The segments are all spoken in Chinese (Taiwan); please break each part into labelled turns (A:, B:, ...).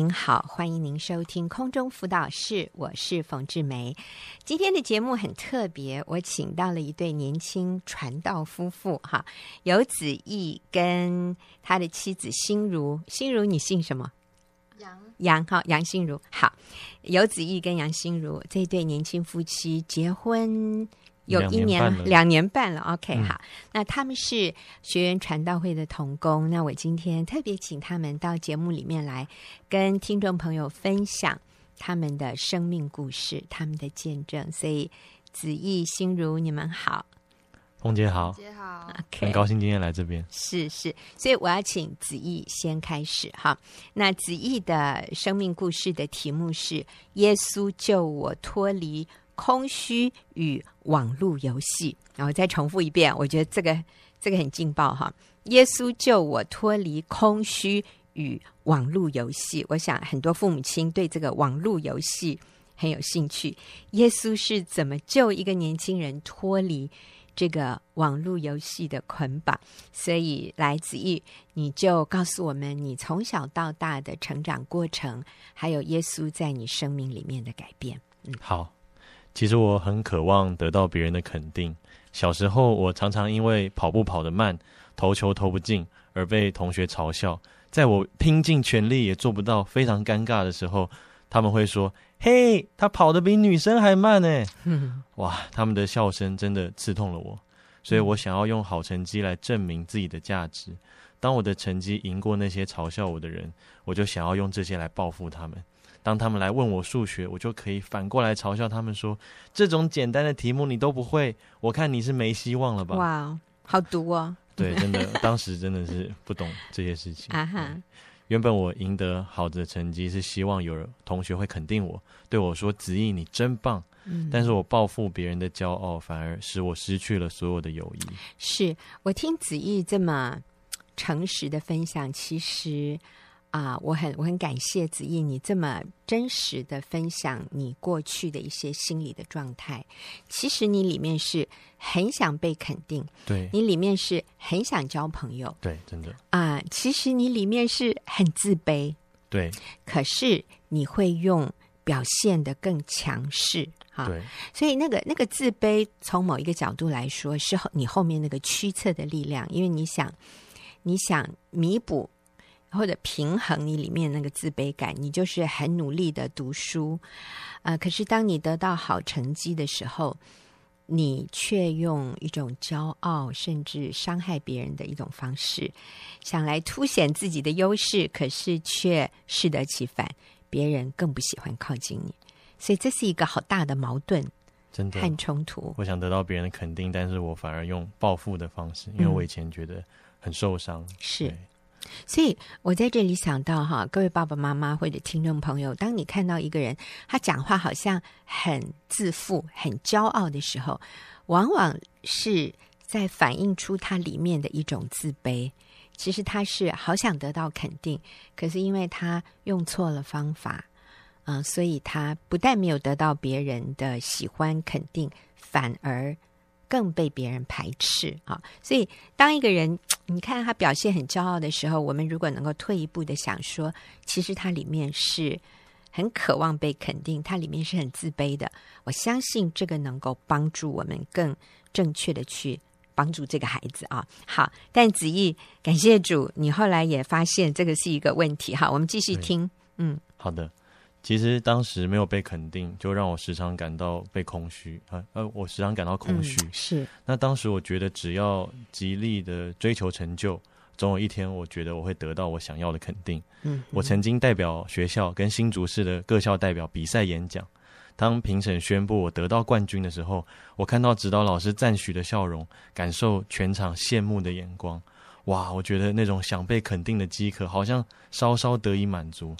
A: 您好，歡迎您收聽空中輔導室，我是馮志梅。今天的節目很特別，我請到了一對年輕傳道夫婦，哈，游子毅跟他的妻子欣儒。欣儒，你姓什麼？楊。楊，好，楊欣儒。好，游子毅跟楊欣儒這對年輕夫妻結婚，有一年兩年半了，OK 好，那他們是學園傳道會的同工，那我今天特別請他們到節目裡面來，跟聽眾朋友分享他們的生命故事、他們的見證。所以子毅、欣儒，你們好，
B: 紅姐好，姐好，很高興今天來這邊。
A: 是是，所以我要請子毅先開始哈。那子毅的生命故事的題目是《耶穌救我脫離》。空虛與網絡遊戲，然後，哦，我再重複一遍。我覺得這個這個很勁爆哈！耶穌救我脫離空虛與網絡遊戲。我想很多父母親對這個網絡遊戲很有興趣。耶穌是怎麼救一個年輕人脫離這個網絡遊戲的捆綁？所以來，子毅，你就告訴我們你從小到大的成長過程，還有耶穌在你生命裡面的改變。
B: 嗯，好。其實我很渴望得到別人的肯定。小時候，我常常因為跑步跑得慢、投球投不進而被同學嘲笑。在我拼盡全力也做不到、非常尷尬的時候，他們會說：“嘿，他跑得比女生還慢欸！”嗯。哇，他們的笑聲真的刺痛了我。所以我想要用好成績來證明自己的價值。當我的成績贏過那些嘲笑我的人，我就想要用這些來報復他們。當他們來問我數學，我就可以反過來嘲笑他們說：“這種簡單的題目你都不會，我看你是沒希望了吧？”哇
A: ，wow, 好毒哦！ 對，真的，
B: 當時真的是不懂這些事情、 嗯。原本我贏得好的成績是希望有同學會肯定我，對我說：“嗯、子毅，你真棒。”但是，我報復別人的驕傲，反而使我失去了所有的友誼。
A: 是我聽子毅這麼誠實的分享，其實。啊、呃，我很我很感謝子毅，你這麼真實的分享你過去的一些心理的狀態。其實你裡面是很想被肯定，對，你裡面是很想交朋友，對，真的啊、呃。其實你裡面是很自卑，對，可是你會用表現的更強勢，哈。對，所以那個那個自卑，從某一個角度來說，是後你後面那個驅策的力量，因為你想，你想彌補。或者平衡你裡面那個自卑感，你就是很努力的讀書，啊、呃！可是當你得到好成績的時候，你卻用一種驕傲甚至傷害別人的一種方式，想來凸顯自己的優勢，可是卻適得其反，別人更不喜歡靠近你。所以這是一個好大的矛盾，
B: 真的和
A: 衝突。我
B: 想得到別人的肯定，但是我反而用報復的方式，因為我以前覺得很受傷、嗯，
A: 是。所以我在這裡想到哈，各位爸爸媽媽或者聽眾朋友，當你看到一個人他講話好像很自負、很驕傲的時候，往往是在反映出他裡面的一種自卑。其實他是好想得到肯定，可是因為他用錯了方法，嗯、呃，所以他不但沒有得到別人的喜歡肯定，反而。更被別人排斥啊、哦！所以當一個人，你看他表現很驕傲的時候，我們如果能夠退一步的想說，其實他裡面是很渴望被肯定，他裡面是很自卑的。我相信這個能夠幫助我們更正確的去幫助這個孩子啊、哦。好，但子毅，感謝主，你後來也發現這個是一個問題哈。我們繼續聽，嗯，
B: 好的。其實當時沒有被肯定，就讓我時常感到被空虛，呃，我時常感到空虛。嗯、是。那當時我覺得，只要極力的追求成就，總有一天，我覺得我會得到我想要的肯定。
C: 嗯。嗯，我曾
B: 經代表學校跟新竹市的各校代表比賽演講，當評審宣布我得到冠軍的時候，我看到指導老師讚許的笑容，感受全場羨慕的眼光，哇！我覺得那種想被肯定的飢渴，好像稍稍得以滿足。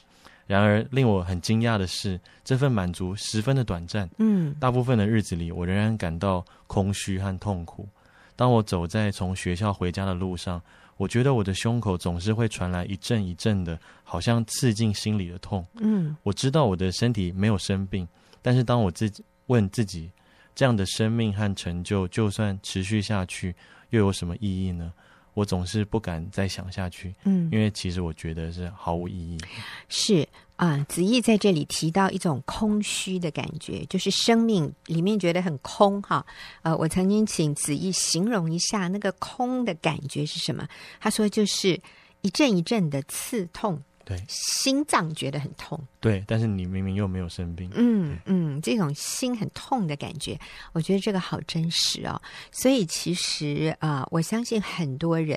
B: 然而，令我很驚訝的是，這份滿足十分的短暫。嗯，大部分的日子裡，我仍然感到空虛和痛苦。當我走在從學校回家的路上，我覺得我的胸口總是會傳來一陣一陣的，好像刺進心裡的痛。嗯，我知道我的身體沒有生病，但是當我自己問自己，這樣的生命和成就，就算持續下去，又有什麼意義呢？我總是不敢再想下去，嗯，因為其實我覺得是毫無意義。是啊，
A: 呃，子毅在這裡提到一種空虛的感覺，就是生命裡面覺得很空哈，哦。呃，我曾經請子毅形容一下那個空的感覺是什麼，他說就是一陣一陣的刺痛。對心臟覺得很
B: 痛，對，但是你明明又沒有生病。
A: 嗯對嗯，這種心很痛的感覺，我覺得這個好真實哦。所以其實啊、呃，我相信很多人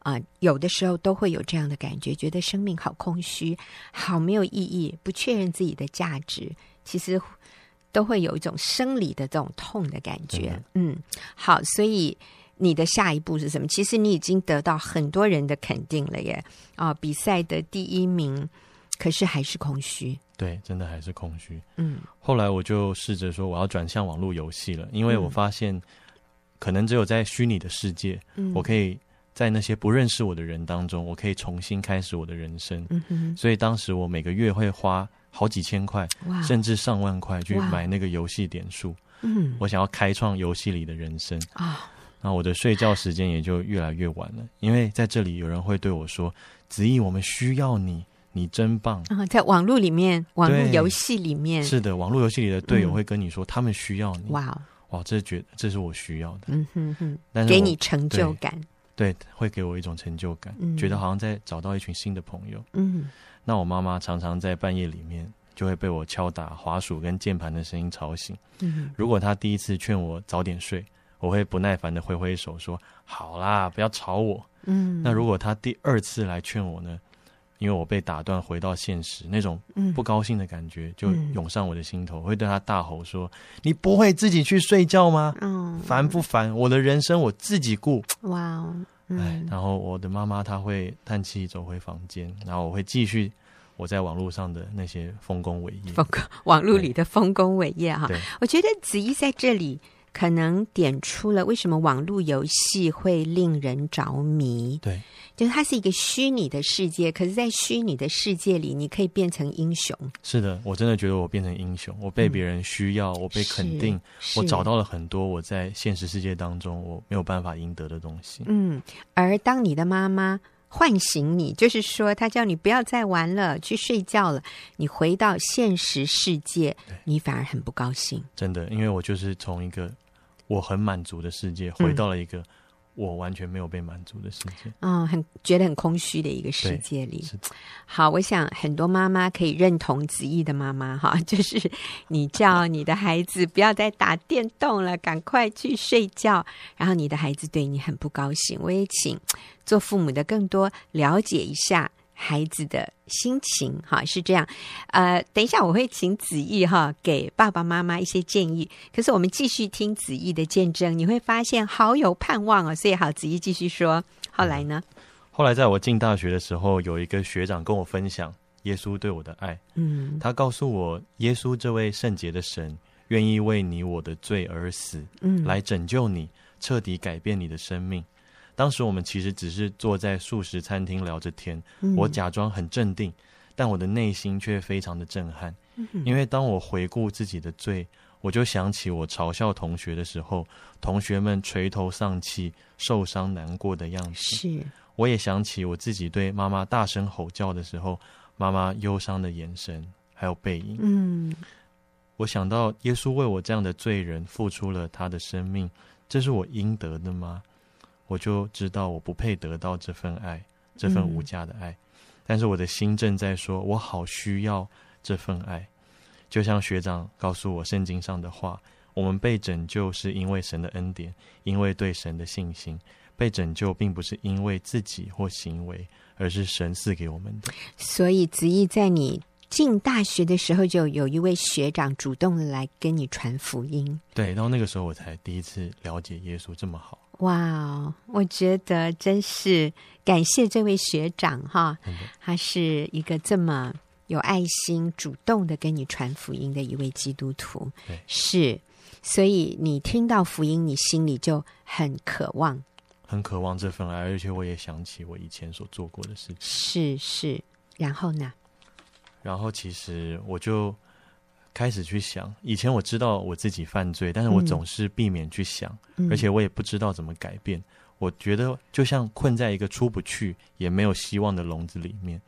A: 啊、呃，有的時候都會有這樣的感覺，覺得生命好空虛，好沒有意義，不確認自己的價值，其實都會有一種生理的這種痛的感覺。嗯，嗯，好，所以。你的下一步是什麼？其實你已經得到很多人的肯定了，耶！啊、哦，比賽的第一名，可是還是
C: 空虛。
B: 對，真的還是空虛。嗯。後來我就試着說，我要轉向網絡遊戲了，因為我發現，可能只有在虛擬的世界，嗯，我可以在那些不認識我的人當中，我可以重新開始我的人生。嗯哼。所以當時我每個月會花好幾千塊，哇，甚至上萬塊去買那個遊戲點數。嗯。我想要開創遊戲裡的人生啊。哦。那、啊、我的睡覺時間也就越來越晚了，因為在這裡有人會對我說：“ 子毅，我們需要你，你真棒。”啊、哦，在
A: 網絡裡面，網絡遊戲裡面是
B: 的，網絡遊戲裡的隊友會跟你說、嗯、他們需要你。哇 Wow 哇，這是覺得，這是我需要的。嗯哼哼，但是給你成就感對？對，會給我一種成就感，嗯、覺得好像在找到一群新的朋友。嗯哼，那我媽媽常常在半夜裡面就會被我敲打滑鼠跟鍵盤的聲音吵醒。嗯哼，如果她第一次勸我早點睡，我會不耐煩的揮揮手說：“好啦，不要吵我。”嗯，
C: 那如果
B: 他第二次來勸我呢？因為我被打斷，回到現實，那種不高興的感覺、嗯、就湧上我的心頭，嗯、會對他大吼說：“你不會自己去睡覺嗎？嗯、煩不煩？我的人生我自己顧。”
C: 哇哦、嗯！哎，然
B: 後我的媽媽她會嘆氣，走回房間，然後我會繼續我在網絡上的那些豐功偉業，豐
A: 網絡裡的豐功偉業哈。我覺得子毅在這裡。可能點出了為什麼網絡遊戲會令人着迷。對，就是它是一個虛擬的世界，可是，在虛擬的世界裡，你可以變成英雄。
B: 是的，我真的覺得我變成英雄，我被別人需要，嗯、我被肯定，我找到了很多我在現實世界當中我沒有辦法贏得的東西。嗯，
A: 而當你的媽媽喚醒你，就是說她叫你不要再玩了，去睡覺了，你回到現實世界，對你反而很不高興。
B: 真的，因為我就是從一個。我很滿足的世界，回到了一個我完全沒有被滿足的世
A: 界。嗯，哦，很覺得很空虛的一個世界裡。好，我想很多媽媽可以認同子毅的媽媽哈，就是你叫你的孩子不要再打電動了，趕 快去睡覺。然後你的孩子對你很不高興，我也請做父母的更多了解一下。孩子的心情哈是這樣，呃，等一下我會請子毅哈給爸爸媽媽一些建議。可是我們繼續聽子毅的見證，你會發現好有盼望哦。所以好，子毅繼續說，後來
B: 呢、嗯？後來在我進大學的時候，有一個學長跟我分享耶穌對我的愛，
C: 嗯，他
B: 告訴我耶穌這位聖潔的神願意為你我的罪而死，嗯，來拯救你，徹底改變你的生命。當時我們其實只是坐在素食餐廳聊着天，嗯、我假裝很鎮定，但我的內心卻非常的震撼。嗯、哼因為當我回顧自己的罪，我就想起我嘲笑同學的時候，同學們垂頭喪氣、受傷難過的樣子；是，我也想起我自己對媽媽大聲吼叫的時候，媽媽憂傷的眼神還有背影。嗯，我想到耶穌為我這樣的罪人付出了他的生命，這是我應得的嗎？我就知道我不配得到這份愛，這份無價的愛。嗯、但是我的心正在說，我好需要這份愛。就像學長告訴我聖經上的話，我們被拯救是因為神的恩典，因為對神的信心。被拯救並不是因為自己或行為，而是神賜給我們的。
A: 所以子毅，在你進大學的時候，就有一位學長主動來跟你傳福音。
B: 對，到那個時候我才第一次了解耶穌這麼好。
A: 哇，wow，我覺得真是感謝這位學長哈，嗯、對他是一個這麼有愛心、主動的跟你傳福音的一位基督徒。對是，所以你聽到福音，你心裡就很渴望，
B: 很渴望這份愛，而且我也想起我以前所做過的事情。
A: 是是，然後呢？
B: 然後其實我就。開始去想，以前我知道我自己犯罪，但是我總是避免去想，嗯、而且我也不知道怎麼改變。嗯、我覺得就像困在一個出不去也沒有希望的籠子裡面。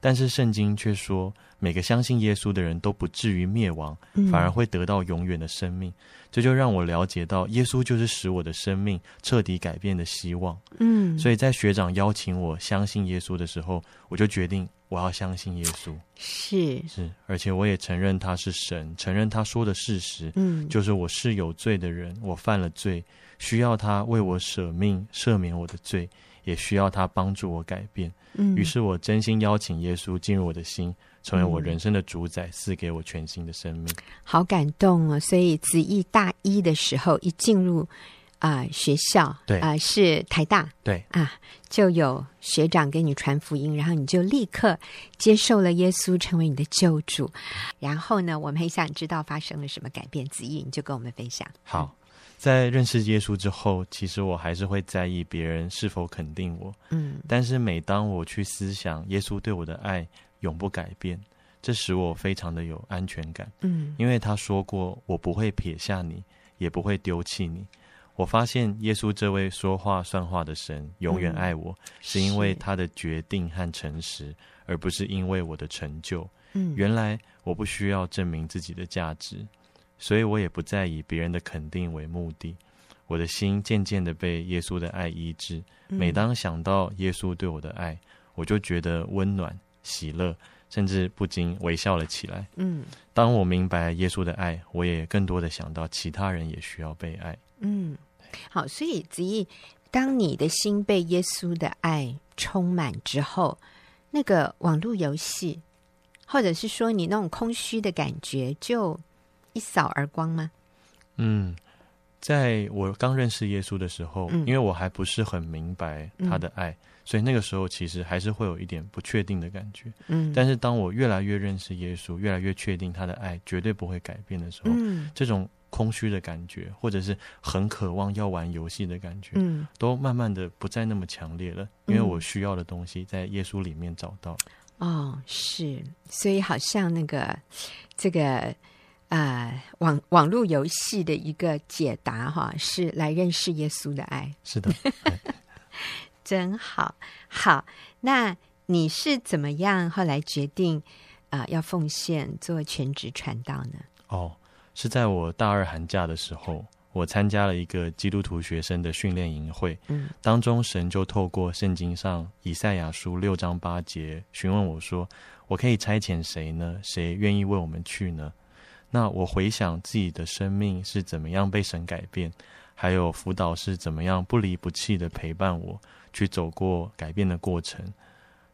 B: 但是聖經卻說，每個相信耶穌的人都不至於滅亡，反而會得到永遠的生命。這、嗯、就讓我了解到，耶穌就是使我的生命徹底改變的希望。
C: 嗯，所
B: 以在學長邀請我相信耶穌的時候，我就決定。我要相信耶穌，
C: 是、是，
B: 而且我也承認他是神，承認他說的事實，嗯，就是我是有罪的人，我犯了罪，需要他為我捨命赦免我的罪，也需要他幫助我改變，嗯，於是我真心邀請耶穌進入我的心，成為我人生的主宰，賜、嗯、給我全新的生命。
A: 好感動啊、哦！所以子毅大一的時候一進入。啊、呃，學校對啊、呃，是台大對啊，就有學長給你傳福音，然後你就立刻接受了耶穌，成為你的救主。對然後呢，我們很想知道發生了什麼改變子，子毅你就跟我們分享。
B: 好，在認識耶穌之後，其實我還是會在意別人是否肯定我。嗯，但是每當我去思想耶穌對我的愛永不改變，這使我非常的有安全感。嗯，因為他說過，我不會撇下你，也不會丟棄你。我發現耶穌這位說話算話的神永遠愛我，是因為他的決定和誠實，而不是因為我的成就。原來我不需要證明自己的價值，所以我也不再以別人的肯定為目的。我的心漸漸的被耶穌的愛醫治。每當想到耶穌對我的愛，我就覺得溫暖、喜樂，甚至不禁微笑了起來。嗯，當我明白耶穌的愛，我也更多的想到其他人也需要被愛。嗯。
A: 好，所以子毅，當你的心被耶穌的愛充滿之後，那個網絡遊戲，或者是說你那種空虛的感覺，就一掃而光嗎？
C: 嗯，
B: 在我剛認識耶穌的時候，嗯、因為我還不是很明白他的愛，嗯、所以那個時候其實還是會有一點不確定的感覺。嗯，但是當我越來越認識耶穌，越來越確定他的愛絕對不會改變的時候，嗯、這種。空虛的感覺，或者是很渴望要玩遊戲的感覺，嗯，都慢慢的不再那麼強烈了，因為我需要的東西在耶穌裡面找到
A: 了，嗯。哦，是，所以好像那個這個啊、呃，網網路遊戲的一個解答哈，是來認識耶穌的愛。是的， 真好，好。那你是怎麼樣後來決定啊、呃、要奉獻做全職傳道呢？哦。
B: 是在我大二寒假的時候，我參加了一個基督徒學生的訓練營會，當中神就透過聖經上以賽亞書六章八節詢問我說：“我可以差遣誰呢？誰願意為我們去呢？”那我回想自己的生命是怎麼樣被神改變，還有輔導是怎麼樣不離不棄的陪伴我去走過改變的過程，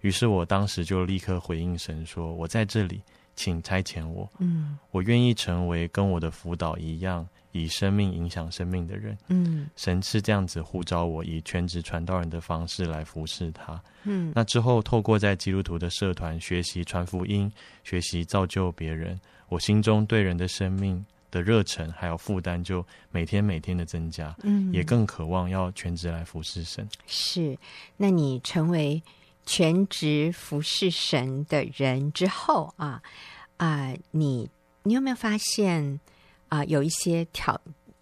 B: 於是我當時就立刻回應神說：“我在這裡。”請差遣我，嗯，我願意成為跟我的輔導一樣，以生命影響生命的人，嗯，神是這樣子呼召我，以全職傳道人的方式來服侍他，嗯，那之後透過在基督徒的社團學習傳福音，學習造就別人，我心中對人的生命的熱忱還有負擔，就每天每天的增加，嗯，也更渴望要全職來服侍神，是，
A: 那你成為。全職服侍神的人之後啊，啊、呃，你你有沒有發現啊、呃，有一些挑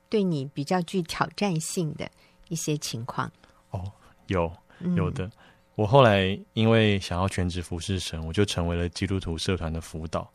A: 對你比較具挑戰性的一些情況？哦，
B: 有有的。嗯、我後來因為想要全職服侍神，我就成為了基督徒社團的輔導。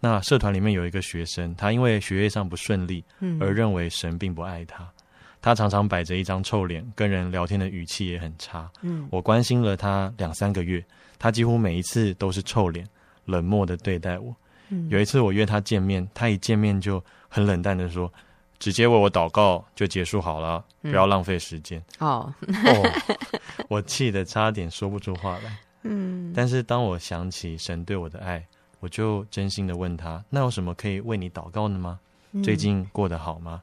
B: 那社團裡面有一個學生，他因為學業上不順利，嗯，而認為神並不愛他。嗯。他常常擺着一張臭臉，跟人聊天的語氣也很差。嗯，我關心了他兩三個月，他幾乎每一次都是臭臉，冷漠的對待我。嗯、有一次我約他見面，他一見面就很冷淡的說：“直接為我禱告就結束好了，嗯、不要浪費時間。
C: 哦”哦、 oh,
B: 我氣得差點說不出話來。嗯、但是當我想起神對我的愛，我就真心的問他：“那有什麼可以為你禱告的嗎？嗯、最近過得好嗎？”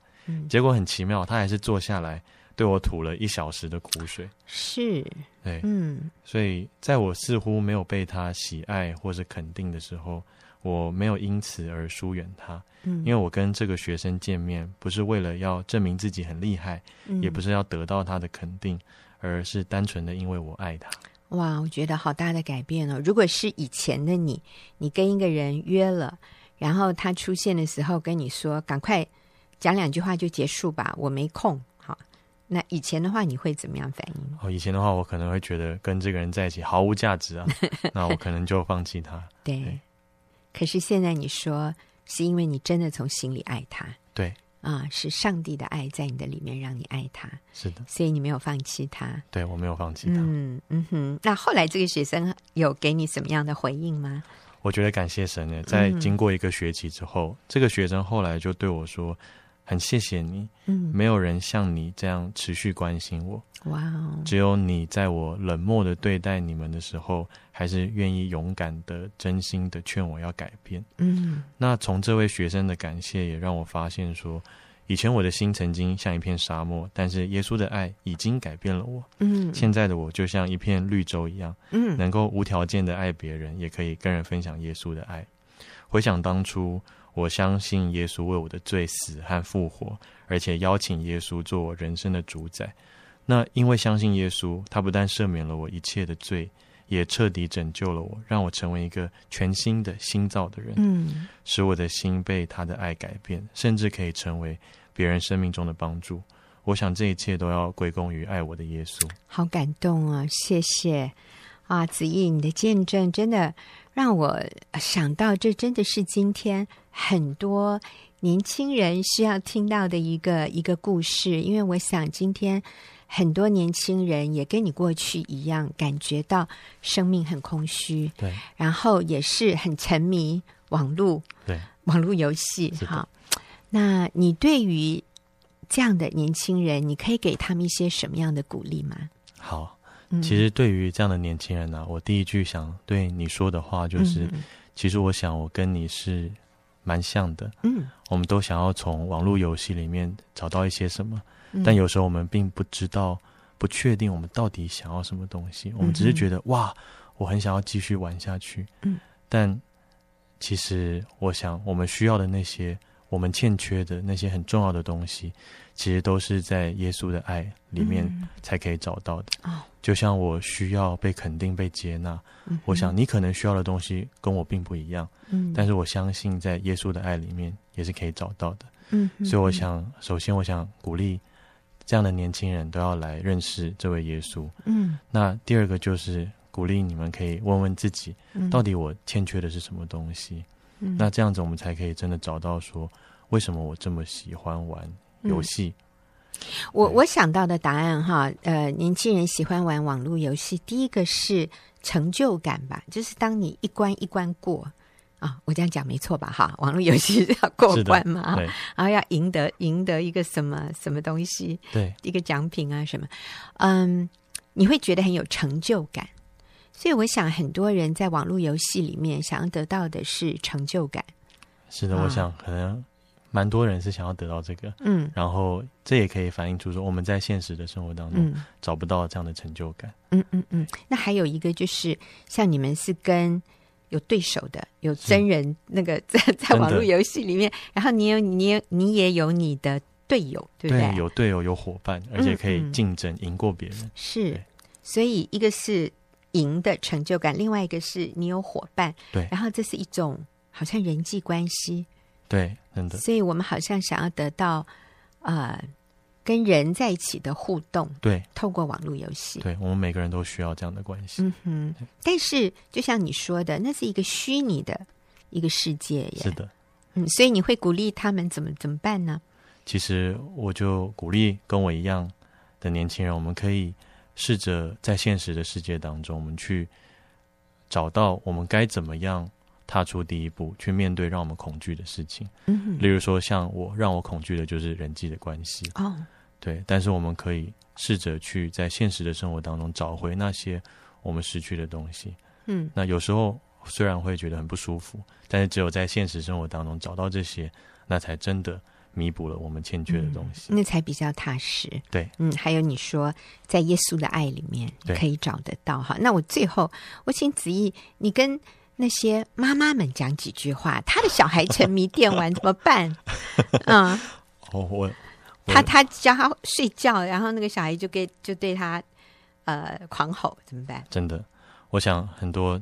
B: 結果很奇妙，他還是坐下來對我吐了一小時的苦水。
C: 是，對，嗯，
B: 所以在我似乎沒有被他喜愛或是肯定的時候，我沒有因此而疏遠他。嗯，因為我跟這個學生見面，不是為了要證明自己很厲害，嗯、也不是要得到他的肯定，而是單純的因為我愛他。
A: 哇，我覺得好大的改變哦！如果是以前的你，你跟一個人約了，然後他出現的時候跟你說：“趕快。”講兩句話就結束吧，我沒空。好，那以前的話你會怎麼樣反應？
B: 哦，以前的話我可能會覺得跟這個人在一起毫無價值啊， 那我可能就放棄他。
A: 對，對。可是現在你說是因為你真的從心裡愛他？對，啊，是上帝的愛在你的裡面讓你愛他。是的，所以你沒有放棄他。
B: 對，我沒有放棄他。嗯嗯
A: 哼，那後來這個學生有給你什麼樣的回應嗎？
B: 我覺得感謝神呢，在經過一個學期之後，嗯、這個學生後來就對我說。很謝謝你，嗯，沒有人像你這樣持續關心我，
C: 哇哦！
B: 只有你在我冷漠的對待你們的時候，還是願意勇敢的、真心的勸我要改變，嗯。那從這位學生的感謝，也讓我發現說，以前我的心曾經像一片沙漠，但是耶穌的愛已經改變了我，
C: 嗯。現
B: 在的我就像一片綠洲一樣，嗯，能夠無條件的愛別人，嗯。也可以跟人分享耶穌的愛。回想當初。我相信耶穌為我的罪死和復活，而且邀請耶穌做我人生的主宰。那因為相信耶穌，他不但赦免了我一切的罪，也徹底拯救了我，讓我成為一個全新的、新造的人。嗯，使我的心被他的愛改變，嗯、甚至可以成為別人生命中的幫助。我想這一切都要歸功於愛我的耶穌。
A: 好感動啊！謝謝啊，子毅，你的見證真的。讓我想到，這真的是今天很多年輕人需要聽到的一個一個故事。因為我想，今天很多年輕人也跟你過去一樣，感覺到生命很空虛，對，然後也是很沉迷網絡，對，網絡遊戲。是的。好，那你對於這樣的年輕人，你可以給他們一些什麼樣的鼓勵嗎？
B: 好。其實對於這樣的年輕人呢、啊，我第一句想對你說的話就是，嗯、其實我想我跟你是蠻像的。嗯，我們都想要從網絡遊戲裡面找到一些什麼，嗯、但有時候我們並不知道，不確定我們到底想要什麼東西。我們只是覺得、嗯、哼哇，我很想要繼續玩下去。嗯，但其實我想我們需要的那些。我們欠缺的那些很重要的東西，其實都是在耶穌的愛裡面才可以找到的。Mm hmm. Oh. 就像我需要被肯定、被接納，mm hmm. 我想你可能需要的東西跟我並不一樣。Mm hmm. 但是我相信，在耶穌的愛裡面也是可以找到的。Mm
C: hmm. 所以，我想
B: 首先，我想鼓勵這樣的年輕人都要來認識這位耶穌。嗯、mm，hmm. 那第二個就是鼓勵你們可以問問自己，到底我欠缺的是什麼東西？Mm hmm. 那這樣子，我們才可以真的找到說。為什麼我這麼喜歡玩遊戲？嗯、
A: 我對我想到的答案哈，呃，年輕人喜歡玩網絡遊戲，第一個是成就感吧，就是當你一關一關過啊、哦，我這樣講沒錯吧？哈，網絡遊戲是要過關嘛，是的，對，然後要贏得贏得一個什麼什麼東西，對，一個獎品啊什麼，嗯，你會覺得很有成就感。所以我想，很多人在網絡遊戲裡面想要得到的是成就感。
B: 是的，我想可能。蠻多人是想要得到這個，嗯，然後這也可以反映出說，我們在現實的生活當中找不到這樣的成就感，嗯嗯
A: 嗯。那還有一個就是，像你們是跟有對手的，有真人那個在、嗯、在網絡遊戲裡面，真的，然後你有你也你也有你的隊友，對不對？對，
B: 有隊友有夥伴，而且可以競爭、嗯嗯、贏過別人，
A: 是。對，所以一個是贏的成就感，另外一個是你有夥伴，對，然後這是一種好像人際關係。
B: 對，真的。所以
A: 我們好像想要得到，呃，跟人在一起的互動。對，透過網絡遊戲。
B: 對，我們每個人都需要這樣的關係。嗯
A: 哼。對。但是，就像你說的，那是一個虛擬的一個世界耶。是的。嗯，所以你會鼓勵他們怎麼怎麼辦呢？
B: 其實，我就鼓勵跟我一樣的年輕人，我們可以試着在現實的世界當中，我們去找到我們該怎麼樣。踏出第一步，去面對讓我們恐懼的事情，嗯，例如說像我讓我恐懼的就是人際的關係哦，對，但是我們可以試着去在現實的生活當中找回那些我們失去的東西，嗯，那有時候雖然會覺得很不舒服，但是只有在現實生活當中找到這些，那才真的彌補了我們欠缺的東西，嗯、
C: 那
A: 才比較踏實，對，嗯，還有你說在耶穌的愛裡面可以找得到哈，對那我最後我請子毅你跟，那些媽媽們講幾句話，他的小孩沉迷電玩 怎麼辦？
B: 啊、嗯，我
A: 他他叫他睡覺，然後那個小孩就給就對他呃狂吼，怎麼辦？
B: 真的，我想很多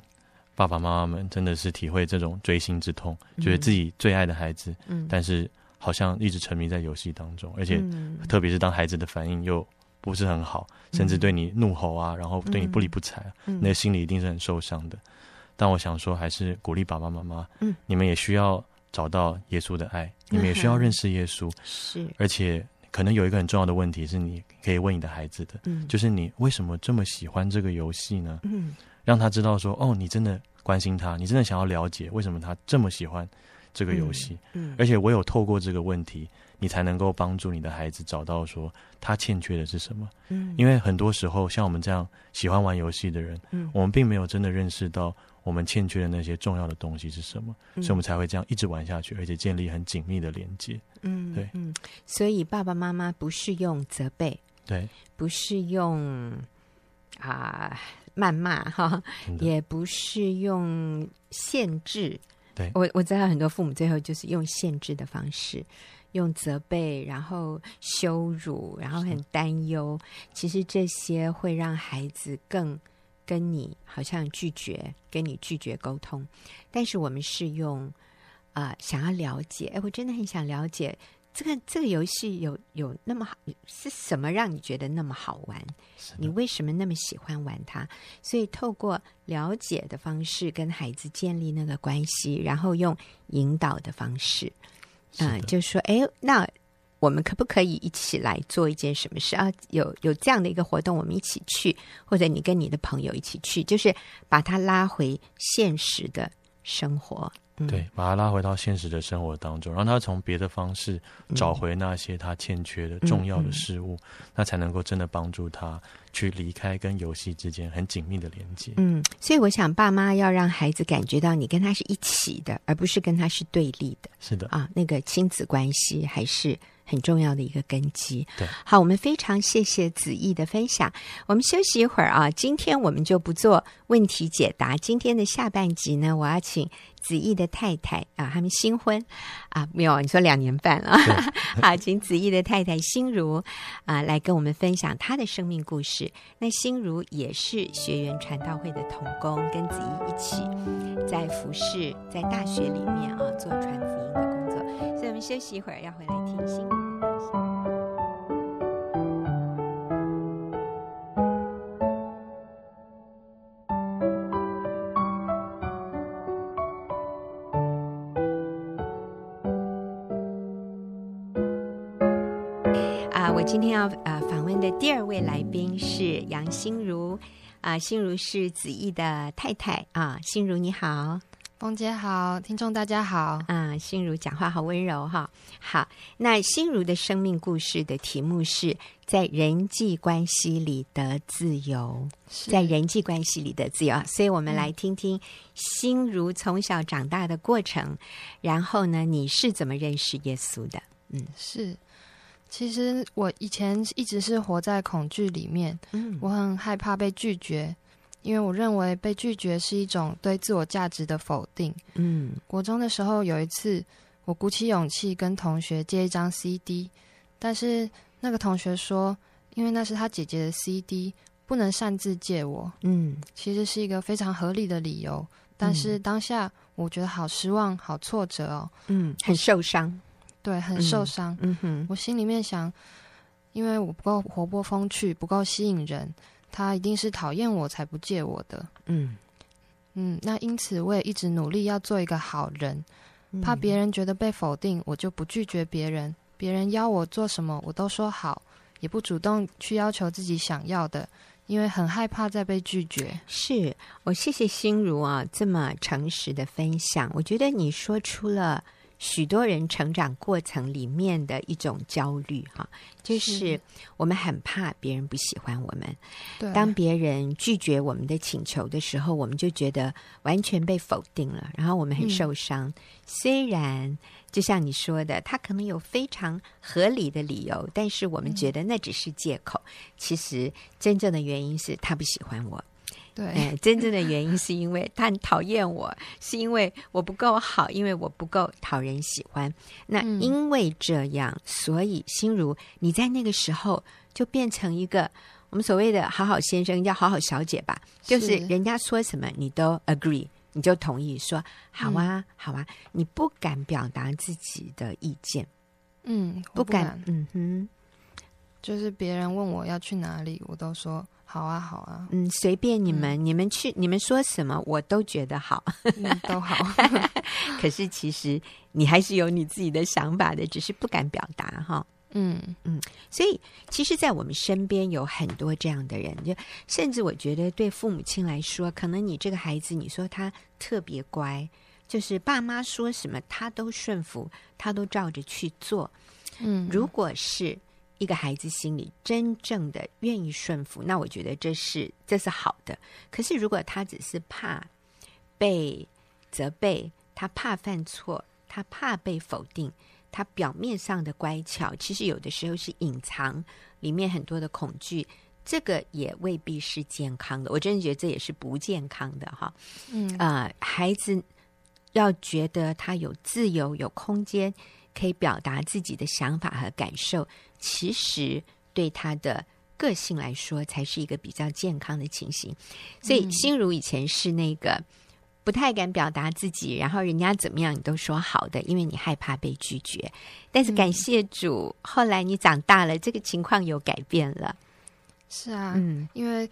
B: 爸爸媽媽們真的是體會這種錐心之痛，嗯、覺得自己最愛的孩子，嗯、但是好像一直沉迷在遊戲當中，嗯、而且特別是當孩子的反應又不是很好，嗯、甚至對你怒吼啊，然後對你不理不睬，嗯、那個心裡一定是很受傷的。但我想說，還是鼓勵爸爸媽媽，媽，嗯，你們也需要找到耶穌的愛，嗯，你們也需要認識耶穌，是。而且可能有一個很重要的問題是，你可以問你的孩子的，嗯，就是你為什麼這麼喜歡這個遊戲呢？嗯，讓他知道說，哦，你真的關心他，你真的想要了解為什麼他這麼喜歡這個遊戲，嗯，嗯，而且唯有透過這個問題，你才能夠幫助你的孩子找到說他欠缺的是什麼，嗯，因為很多時候像我們這樣喜歡玩遊戲的人，嗯，我們並沒有真的認識到。我們欠缺的那些重要的東西是什麼？所以，我們才會這樣一直玩下去，嗯、而且建立很緊密的連接。嗯，
A: 對，嗯，所以爸爸媽媽不是用責備，對，不是用啊、呃、謾罵哈，的也不是用限制。對，我我知道很多父母最後就是用限制的方式，用責備，然後羞辱，然後很擔憂。是其實這些會讓孩子更。跟你好像拒絕，跟你拒絕溝通，但是我們是用啊、呃，想要了解，哎，我真的很想了解這個這個遊戲有有那麼好，是什麼讓你覺得那麼好玩？是的。你為什麼那麼喜歡玩它？所以透過了解的方式跟孩子建立那個關係，然後用引導的方式，啊、呃，是的。就說，哎，那。我們可不可以一起來做一件什麼事啊？有有這樣的一個活動，我們一起去，或者你跟你的朋友一起去，就是把他拉回現實的生活。
B: 對，把他拉回到現實的生活當中，讓他從別的方式找回那些他欠缺的重要的事物，嗯，那才能夠真的幫助他去離開跟遊戲之間很緊密的連接。嗯，
A: 所以我想，爸媽要讓孩子感覺到你跟他是一起的，而不是跟他是對立的。是的，啊，那個親子關係還是。很重要的一個根基。對，好，我們非常謝謝子毅的分享。我們休息一會兒啊，今天我們就不做問題解答。今天的下半集呢，我要請子毅的太太啊，他們新婚啊，沒有，你說兩年半了。對 好，請子毅的太太欣儒啊，來跟我們分享她的生命故事。那欣儒也是學園傳道會的同工，跟子毅一起在服侍，在大學裡面啊，做傳福音。所以我們休息一會兒，要回來聽心語。啊，我今天要呃訪問的第二位來賓是楊欣儒，啊，欣儒是子毅的太太啊，欣儒你好。鳳姐好，聽眾大家好啊、嗯，心如講話好溫柔哈、哦，好，那心如的生命故事的題目是《在人際關係裡得自由》是，在人際關係裡得自由啊，所以我們來聽聽心如從小長大的過程，嗯、然後呢，你是怎麼認識耶穌的？嗯，
D: 是，其實我以前一直是活在恐懼裡面，嗯、我很害怕被拒絕。因為我認為被拒絕是一種對自我價值的否定。嗯，國中的時候有一次，我鼓起勇氣跟同學借一張 CD，但是那個同學說，因為那是他姐姐的 CD，不能擅自借我。
C: 嗯，
D: 其實是一個非常合理的理由，但是當下我覺得好失望、好挫折哦。嗯，很受傷。對，很受傷。嗯哼，我心裡面想，因為我不夠活潑風趣，不夠吸引人。他一定是討厭我才不借我的。嗯嗯，那因此我也一直努力要做一個好人，怕別人覺得被否定，嗯、我就不拒絕別人。別人邀我做什麼，我都說好，也不主動去要求自己想要的，因為很害怕再被拒絕。
A: 是，我謝謝欣儒啊，哦，這麼誠實的分享。我覺得你說出了。許多人成長過程裡面的一種焦慮，哈，就是我們很怕別人不喜歡我們。
C: 對，當別
A: 人拒絕我們的請求的時候，我們就覺得完全被否定了，然後我們很受傷。嗯，雖然就像你說的，他可能有非常合理的理由，但是我們覺得那只是借口。嗯，其實真正的原因是他不喜歡我。對、嗯，真正的原因是因為他很討厭我，是因為我不夠好， 因為我不夠討人喜歡。那因為這樣，嗯、所以欣儒你在那個時候就變成一個我們所謂的好好先生，要好好小姐吧，是就是人家說什麼你都 agree，你就同意說好啊，嗯、好啊，你不敢表達自己的意見，
D: 嗯，不敢，不敢
A: 嗯哼。就是別人問我要去哪裡，我都說好啊，好啊，嗯，隨便你們，嗯、你們去，你們說什麼我都覺得好， 嗯、
C: 都好。
A: 可是其實你還是有你自己的想法的，只是不敢表達哈。嗯
C: 嗯，
A: 所以其實，在我們身邊有很多這樣的人，就甚至我覺得對父母親來說，可能你這個孩子，你說他特別乖，就是爸媽說什麼他都順服，他都照着去做。嗯，如果是。一個孩子心裡真正的願意順服，那我覺得這是這是好的。可是如果他只是怕被責備，他怕犯錯，他怕被否定，他表面上的乖巧，其實有的時候是隱藏裡面很多的恐懼。這個也未必是健康的。我真的覺得這也是不健康的哈。嗯啊、呃，孩子要覺得他有自由，有空間。可以表達自己的想法和感受，其實對他的個性來說才是一個比較健康的情形。所以，嗯，欣儒以前是那個不太敢表達自己，然後人家怎麼樣你都說好的，因為你害怕被拒絕。但是感謝主，嗯，後來你長大了，這個情況有改變了。
D: 是啊，嗯，因為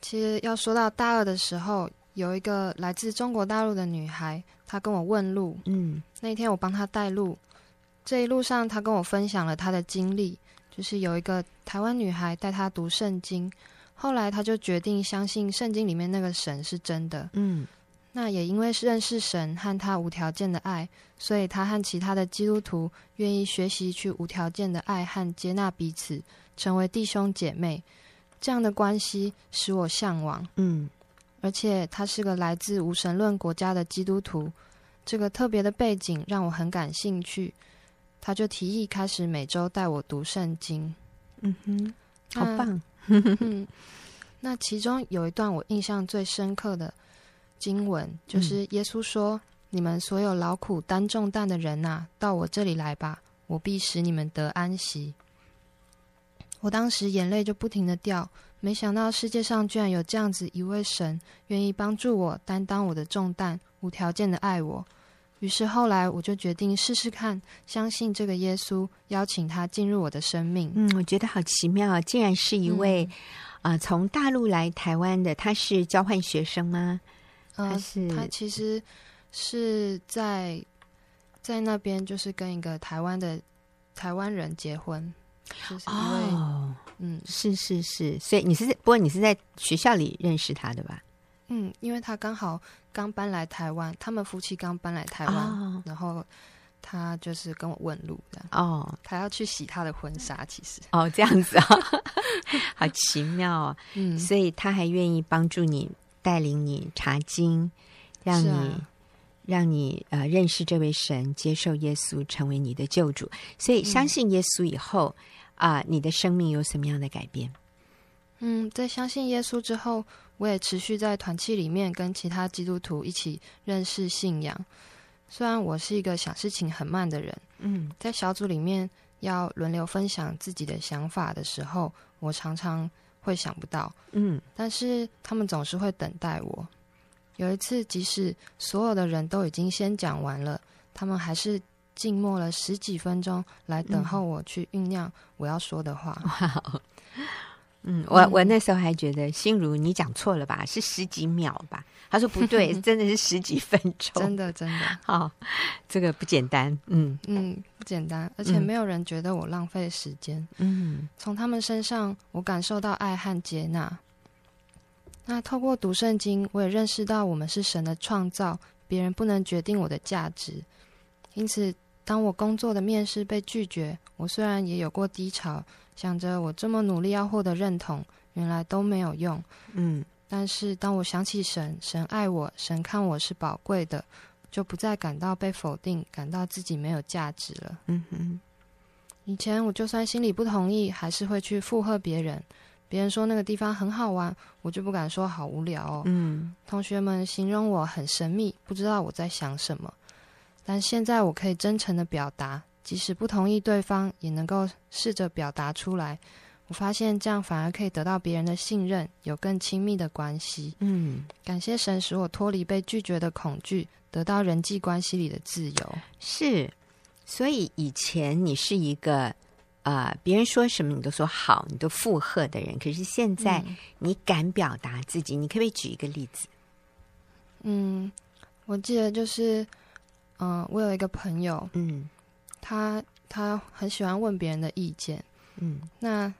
D: 其實要說到大二的時候，有一個來自中國大陸的女孩，她跟我問路，嗯，那天我幫她帶路。這一路上，他跟我分享了他的經歷，就是有一個台灣女孩帶他讀聖經，後來他就決定相信聖經裡面那個神是真的。嗯，那也因為是認識神和他無條件的愛，所以他和其他的基督徒願意學習去無條件的愛和接納彼此，成為弟兄姐妹。這樣的關係使我嚮往。嗯，而且他是個來自無神論國家的基督徒，這個特別的背景讓我很感興趣。他就提議開始每周帶我讀聖經。嗯哼，好棒！ 那其中有一段我印象最深刻的經文，就是耶穌說：“嗯、你們所有勞苦擔重擔的人吶、啊，到我這裡來吧，我必使你們得安息。”我當時眼淚就不停的掉，沒想到世界上居然有這樣子一位神，願意幫助我，擔當我的重擔，無條件的愛我。於是後來，我就決定試試看，相信這個耶穌，邀請他進入我的生命。
A: 嗯，我覺得好奇妙啊，竟然是一位啊、嗯呃，從大陸來台灣的，他是交換學生嗎？他是、呃，他
D: 其實是在在那邊，就是跟一個台灣的台灣人結婚，就是因為、哦、嗯，
A: 是是是，所以你是，不過你是在學校裡認識他的吧？
D: 嗯，因為他剛好剛搬來台灣，他們夫妻剛搬來台灣，哦、然後他就是跟我問路的哦，他要去洗他的婚紗，其實
A: 哦，這樣子啊、哦， 好奇妙啊、哦，嗯，所以他還願意幫助你，帶領你查經，讓你、啊、讓你呃認識這位神，接受耶穌成為你的救主，所以相信耶穌以後啊、嗯呃，你的生命有什麼樣的改變？
D: 嗯，在相信耶穌之後。我也持續在團契裡面跟其他基督徒一起認識信仰。雖然我是一個想事情很慢的人，嗯，在小組裡面要輪流分享自己的想法的時候，我常常會想不到，嗯，但是他們總是會等待我。有一次，即使所有的人都已經先講完了，他們還是靜默了十幾分鐘來等候我去醞釀我要說的
A: 話。嗯嗯，我我那時候還覺得心如你講錯了吧？是十幾秒吧？他說不對， 真的是十幾分鐘。真的真的，好，這個不簡單。嗯嗯，
D: 不簡單。而且沒有人覺得我浪費時間。嗯，從他們身上，我感受到愛和接納。那透過讀聖經，我也認識到我們是神的創造，別人不能決定我的價值。因此，當我工作的面試被拒絕，我雖然也有過低潮。想着我這麼努力要獲得認同，原來都沒有用。嗯，但是當我想起神，神愛我，神看我是寶貴的，就不再感到被否定，感到自己沒有價值
C: 了。
D: 嗯嗯哼。以前我就算心裡不同意，還是會去附和別人。別人說那個地方很好玩，我就不敢說好無聊哦。嗯。同學們形容我很神秘，不知道我在想什麼，但現在我可以真誠地表達。即使不同意對方，也能夠試着表達出來。我發現這樣反而可以得到別人的信任，有更親密的關係。嗯，感謝神使我脫離被拒絕的恐懼，得到人際關係裡的自由。
A: 是，所以以前你是一個啊、呃，別人說什麼你都說好，你都附和的人。可是現在你敢表達自己，嗯、你可不可以舉一個例子？
D: 嗯，我記得就是，嗯、呃，我有一個朋友，嗯。他他很喜歡問別人的意見，嗯，那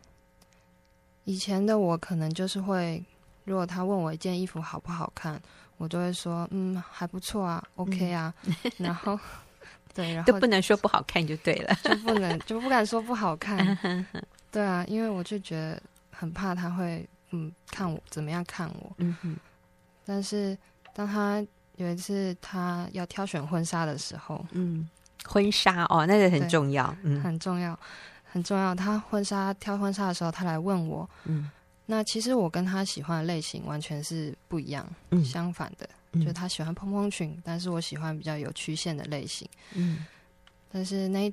D: 以前的我可能就是會，如果他問我一件衣服好不好看，我都會說，嗯，還不錯啊，OK 啊，嗯、然後 對，然後就不能說不好看就對了，就不能就不敢說不好看， 對啊，因為我就覺得很怕他會嗯看我怎麼樣看我，嗯哼，但是當他有一次他要挑選婚紗的時候，嗯。婚紗哦，那個很重要，很重要，嗯、很重要。他婚紗挑婚紗的時候，他來問我，嗯，那其實我跟他喜歡的類型完全是不一樣，嗯、相反的，就他喜歡蓬蓬裙，嗯、但是我喜歡比較有曲線的類型，嗯，但是那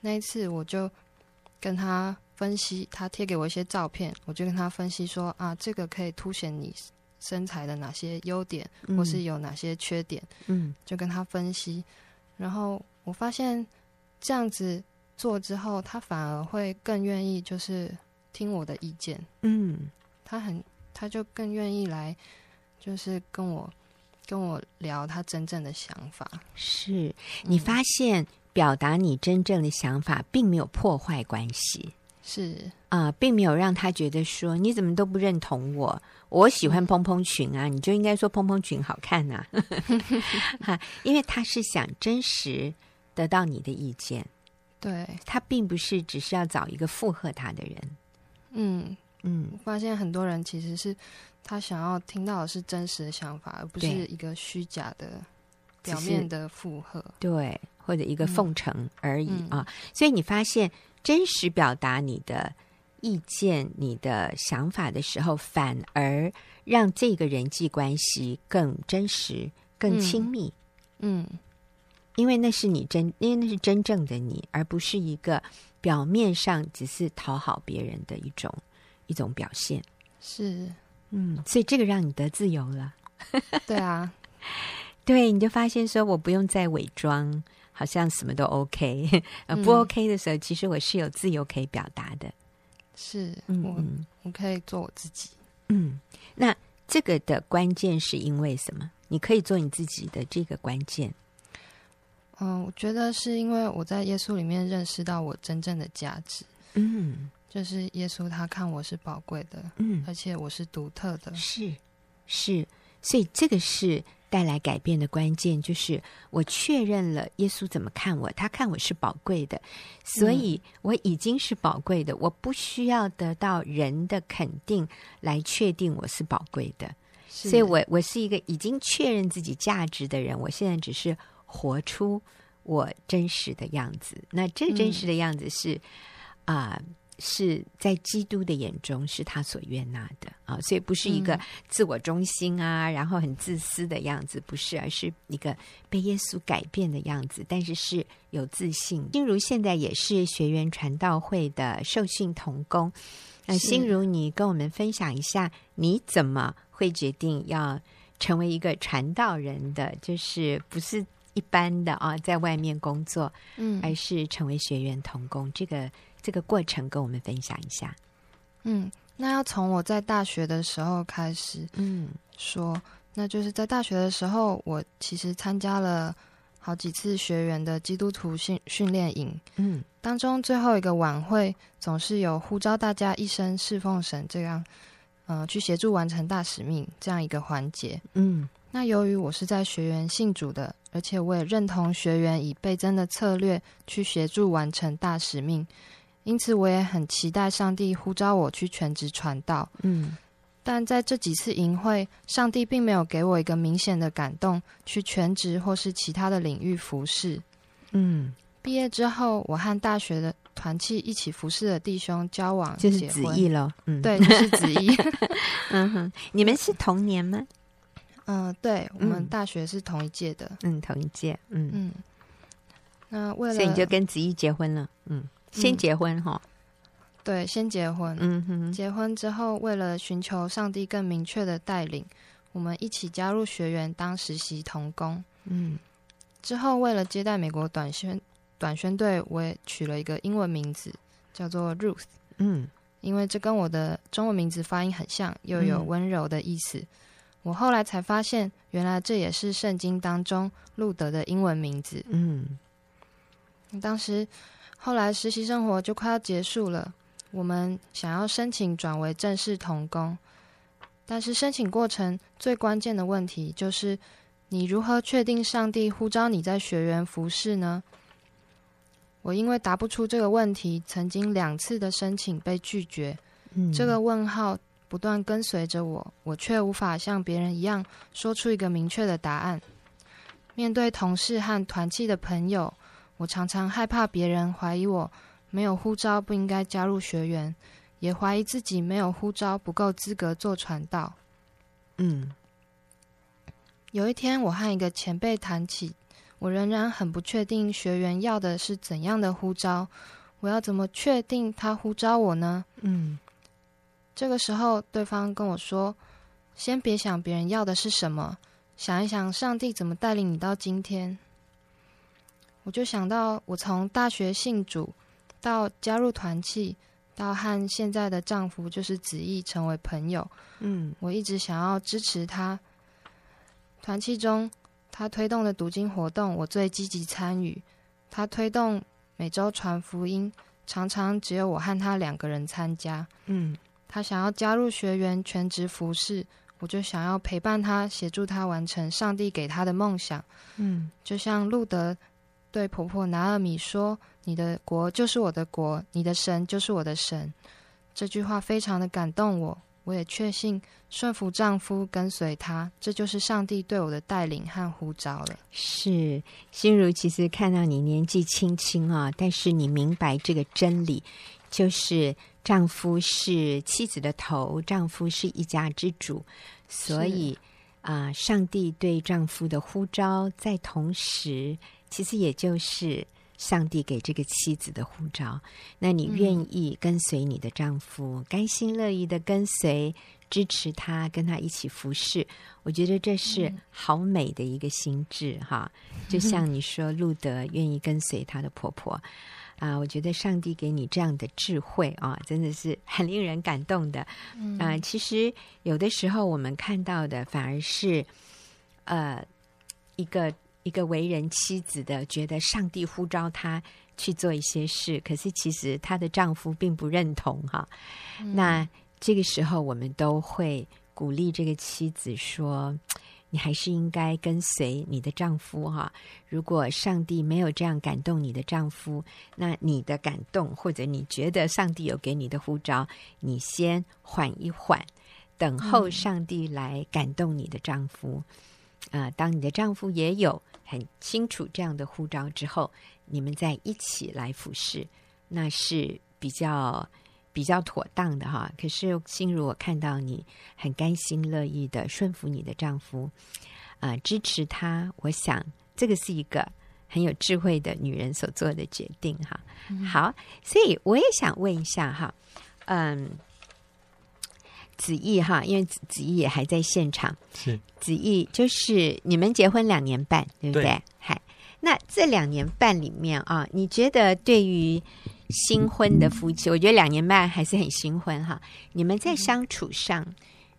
D: 那一次我就跟他分析，他貼給我一些照片，我就跟他分析說啊，這個可以凸顯你身材的哪些優點，嗯、或是有哪些缺點，嗯，就跟他分析，然後。我發現這樣子做之後，他反而會更願意，就是聽我的意見。嗯，他很，他就更願意來，就是跟我跟我聊他真正的想法。
A: 是你發現表達你真正的想法，並沒有破壞關係。嗯、是啊、呃，並沒有讓他覺得說你怎麼都不認同我，我喜歡蓬蓬裙啊，你就應該說蓬蓬裙好看吶、啊。哈、 啊，因為他是想真實。得到你的意見，對，他並不是只是要找一個附和他的人。
D: 嗯嗯，嗯我發現很多人其實是他想要聽到的是真實的想法，對而不是一個虛假的表面的附和，對，或者一個奉承而已，嗯、啊。
A: 所以你發現真實表達你的意見、你的想法的時候，反而讓這個人際關係更真實、更親密嗯。嗯。因為那是你真，因為那是真正的你，而不是一個表面上只是討好別人的一種一種表現。是，嗯，所以這個讓你得自由了。 對啊，對，你就發現說，我不用再偽裝，好像什麼都 OK， 不 OK 的時候，嗯、其實我是有自由可以表達的。
D: 是我，嗯嗯，我可以做我自己。
A: 嗯，那這個的關鍵是因為什麼？你可以做你自己的這個關鍵。
D: 嗯，我覺得是因為我在耶穌裡面認識到我真正的價值。
C: 嗯，
D: 就是耶穌他看我是寶貴的，嗯，而且我是獨特的，是
A: 是。所以這個是帶來改變的關鍵，就是我確認了耶穌怎麼看我，他看我是寶貴的，所以我已經是寶貴的，嗯，我不需要得到人的肯定來確定我是寶貴的。是的。所以我，我我是一個已經確認自己價值的人，我現在只是。活出我真實的樣子，那這真實的樣子是啊、嗯呃，是在基督的眼中是他所悅納的啊、呃，所以不是一個自我中心啊，嗯、然後很自私的樣子，不是，而是一個被耶穌改變的樣子，但是是有自信。欣儒現在也是學園傳道會的受訓同工，那、呃、欣是儒，你跟我們分享一下，你怎麼會決定要成為一個傳道人的，就是不是？一般的啊、哦，在外面工作，嗯，而是成為學員同工，這個這個過程，跟我們分享一下。嗯，
D: 那要從我在大學的時候開始，嗯，說，那就是在大學的時候，我其實參加了好幾次學員的基督徒訓訓練營，
C: 嗯，
D: 當中最後一個晚會，總是有呼召大家一生侍奉神，這樣，嗯、呃，去協助完成大使命這樣一個環節，嗯。那由於我是在學園信主的，而且我也認同學園以倍增的策略去協助完成大使命，因此我也很期待上帝呼召我去全職傳道。
C: 嗯，
D: 但在這幾次營會上帝並沒有給我一個明顯的感動去全職或是其他的領域服侍。
C: 嗯，
D: 畢業之後我和大學的團契一起服侍的弟兄交往，就是子毅。嗯，對，就是子毅。嗯哼，你們是同年嗎？
A: 嗯、呃，對我們大學是同一屆的，嗯，同一屆，嗯
D: 嗯。那為了所以你就跟
A: 子毅結婚了，嗯，先結婚哈。嗯哦、對，先
D: 結婚，嗯哼，哼。結婚之後，為了尋求上帝更明確的帶領，我們一起加入學員當實習同工，嗯。之後為了接待美國短宣短宣隊，我也取了一個英文名字，叫做 Ruth，嗯，因為這跟我的中文名字發音很像，又有溫柔的意思。嗯我後來才發現，原來這也是聖經當中路得的英文名字。
C: 嗯，
D: 當時後來實習生活就快要結束了，我們想要申請轉為正式同工，但是申請過程最關鍵的問題就是，你如何確定上帝呼召你在學園服事呢？我因為答不出這個問題，曾經兩次的申請被拒絕。
C: 嗯，這個
D: 問號。不斷跟隨着我，我卻無法像別人一樣說出一個明確的答案。面對同事和團契的朋友，我常常害怕別人懷疑我沒有呼召，不應該加入學員，也懷疑自己沒有呼召，不夠資格做傳道。
C: 嗯。
D: 有一天，我和一個前輩談起，我仍然很不確定學員要的是怎樣的呼召，我要怎麼確定他呼召我呢？嗯。這個時候，對方跟我說：“先別想別人要的是什麼，想一想上帝怎麼帶領你到今天。”我就想到，我從大學信主，到加入團契，到和現在的丈夫就是子毅成為朋友。嗯，我一直想要支持他。團契中，他推動的讀經活動，我最積極參與。他推動每周傳福音，常常只有我和他兩個人參加。嗯。他想要加入學園全職服侍，我就想要陪伴他，協助他完成上帝給他的夢想。嗯，就像路得對婆婆拿俄米說：“你的國就是我的國，你的神就是我的神。”這句話非常的感動我。我也確信順服丈夫，跟隨他，這就是上帝對我的帶領和呼召了。
A: 是，欣儒，其實看到你年紀輕輕啊、哦，但是你明白這個真理。就是丈夫是妻子的頭，丈夫是一家之主，所以啊是、呃，上帝對丈夫的呼召，在同時，其實也就是上帝給這個妻子的呼召。那你願意跟隨你的丈夫，嗯、甘心樂意的跟隨，支持他，跟他一起服侍。我覺得這是好美的一個心智，嗯、哈。
C: 就像你
A: 說，路德願意跟隨他的婆婆。啊、呃，我覺得上帝給你這樣的智慧啊，真的是很令人感動的。嗯、呃，其實有的時候我們看到的反而是，呃，一個一個為人妻子的，覺得上帝呼召她去做一些事，可是其實她的丈夫並不認同哈。啊嗯、那這個時候，我們都會鼓勵這個妻子說。你還是應該跟隨你的丈夫哈、啊。如果上帝沒有這樣感動你的丈夫，那你的感動或者你覺得上帝有給你的呼召，你先緩一緩，等候上帝來感動你的丈夫。啊、嗯呃，當你的丈夫也有很清楚這樣的呼召之後，你們再一起來服侍，那是比較。比較妥當的哈，可是心如，我看到你很甘心樂意的順服你的丈夫，啊、呃，支持他，我想這個是一個很有智慧的女人所做的決定哈。好，嗯、好，所以我也想問一下哈，嗯，子毅哈，因為子子毅也還在現場，是子毅，就是你們結婚兩年半，對不對？對那這兩年半裡面啊、哦，你覺得對於新婚的夫妻，嗯、我覺得兩年半還是很新婚哈。你們在相處上，嗯、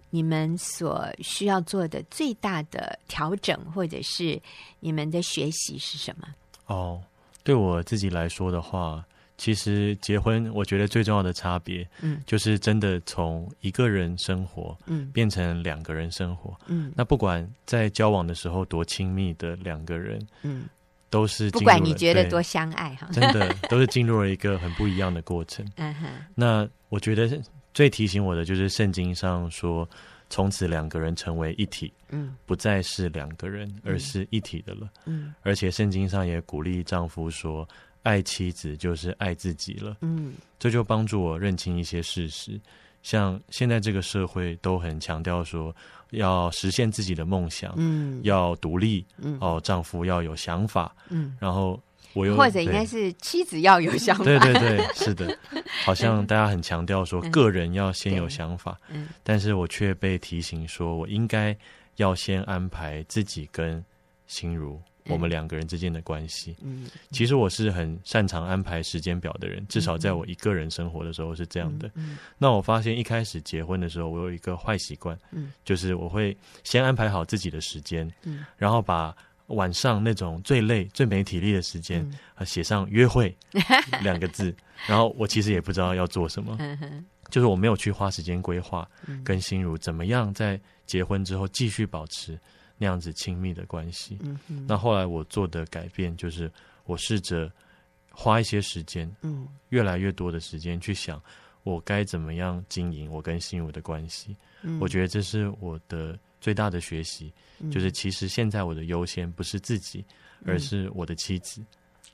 A: 你們所需要做的最大的調整，或者是你們的學習是什麼？
B: 哦，對我自己來說的話，其實結婚，我覺得最重要的差別，嗯，就是真的從一個人生活，嗯，變成兩個人生活，嗯。嗯，那不管在交往的時候多親密的兩個人，嗯。都是不管你覺得多相愛哈，對 真的都是進入了一個很不一樣的過程。 那我覺得最提醒我的就是聖經上說，從此兩個人成為一體，嗯，不再是兩個人，而是一體的了。嗯，嗯，而且聖經上也鼓勵丈夫說，愛妻子就是愛自己了。嗯，這就幫助我認清一些事實，像現在這個社會都很強調說。要實現自己的夢想，嗯，要獨立，嗯，哦，丈夫要有想法，嗯，然後我又或者應該是
A: 妻子要有想法，對，對對對，
B: 是的，好像大家很強調說個人要先有想法，嗯，但是我卻被提醒說我應該要先安排自己跟心如。我們兩個人之間的關係，嗯，其實我是很擅長安排時間表的人，嗯、至少在我一個人生活的時候是這樣的。嗯嗯、那我發現一開始結婚的時候，我有一個壞習慣，嗯，就是我會先安排好自己的時間，嗯，然後把晚上那種最累、最沒體力的時間，啊、嗯，寫上“約會”兩個字， 然後我其實也不知道要做什麼，嗯、哼就是我沒有去花時間規劃跟心如怎麼樣在結婚之後繼續保持。那樣子親密的關係，嗯嗯，那後來我做的改變就是，我試着花一些時間，嗯，越來越多的時間去想我該怎麼樣經營我跟欣儒的關係。嗯、我覺得這是我的最大的學習，嗯、就是其實現在我的優先不是自己，嗯、而是我的妻子。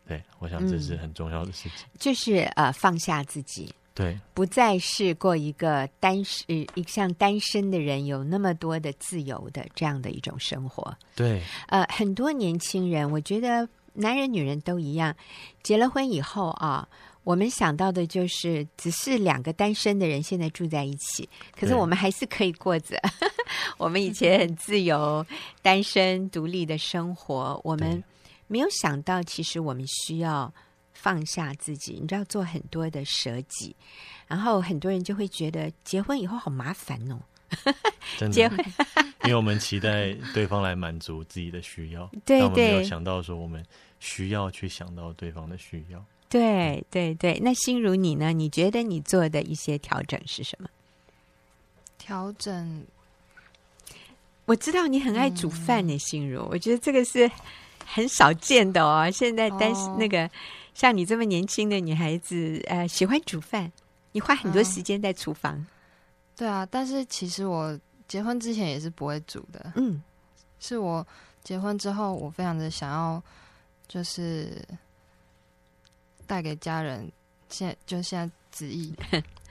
B: 對，我想這是很重要的事情，嗯、
A: 就是呃放下自己。對，不再是過一個單身、呃，一向單身的人有那麼多的自由的這樣的一種生活。對，呃，很多年輕人，我覺得男人、女人都一樣，結了婚以後啊，我們想到的就是只是兩個單身的人現在住在一起，可是我們還是可以過着對 我們以前很自由、單身、獨立的生活。我們沒有想到，其實我們需要。放下自己，你知道做很多的捨己，然後很多人就會覺得結婚以後好麻煩哦。
B: 真的結婚， 因為我們期待對方來滿足自己的需要，對對，但我們沒有想到說我們需要去想到對方的需要。
A: 對對對，嗯、那欣儒你呢？你覺得你做的一些調整是什麼？
D: 調整，
A: 我知道你很愛煮飯、欸，的欣、嗯、儒，我覺得這個是很少見的哦。現在心、哦、那個。像你這麼年輕的女孩子，呃，喜歡煮飯，你花很多時間在廚房。嗯、
D: 對啊，但是其實我結婚之前也是不會煮的。嗯，是我結婚之後，我非常的想要，就是帶給家人現在就現在子毅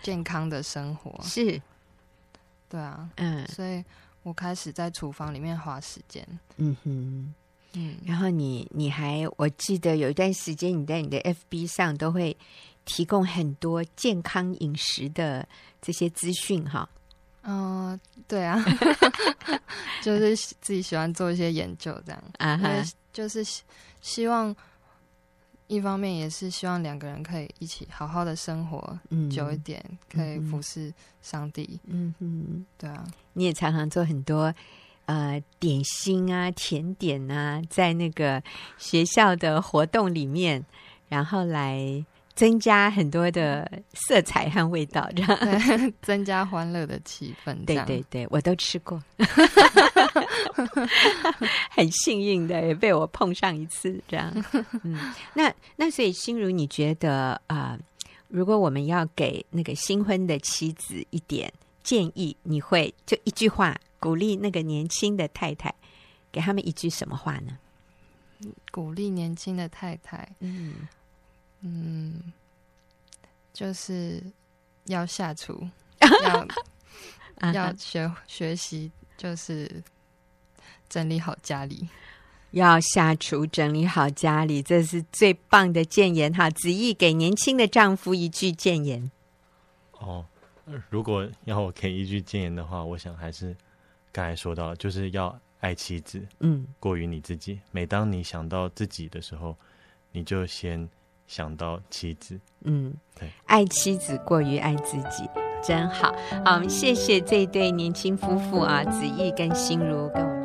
D: 健康的生活。 是，對啊，嗯，所以我開始在廚房裡面花時間。嗯
A: 哼。嗯，然後你你還我記得有一段時間你在你的 FB 上都會提供很多健康飲食的這些資訊哈。嗯、
D: 哦呃，對啊，
A: 就是
D: 自己喜歡做一些研究這樣啊哈，就是希望一方面也是希望兩個人可以一起好好的生活久一點，嗯、可以
A: 服侍上帝。嗯哼，嗯對啊，你也常常做很多。呃，點心啊，甜點啊，在那個學校的活動裡面，然後來增加很多的色彩和味道，這樣增加歡樂的氣氛。對對對，我都吃過， 很幸運的也被我碰上一次，這樣。嗯，那那所以欣儒你覺得啊，呃，如果我們要給那個新婚的妻子一點，建議你會就一句話鼓勵那個年輕的太太，給他們一句什麼話呢？
D: 鼓勵年輕
A: 的太太，
D: 嗯嗯，就是要下廚， 要學 學習，就是
A: 整理好家裡，要下廚整理好家裡，這是最棒的建言哈！子毅給年輕的丈夫一句建言，哦。
B: 如果要我給一句建言的話，我想還是剛才說到，就是要愛妻子，嗯，過於你自己。嗯、每當你想到自己的時候，你就先想到妻子，嗯，對，
A: 愛妻子過於愛自己，真好。好，謝謝這一對年輕夫婦啊，嗯、子毅跟心如跟我們。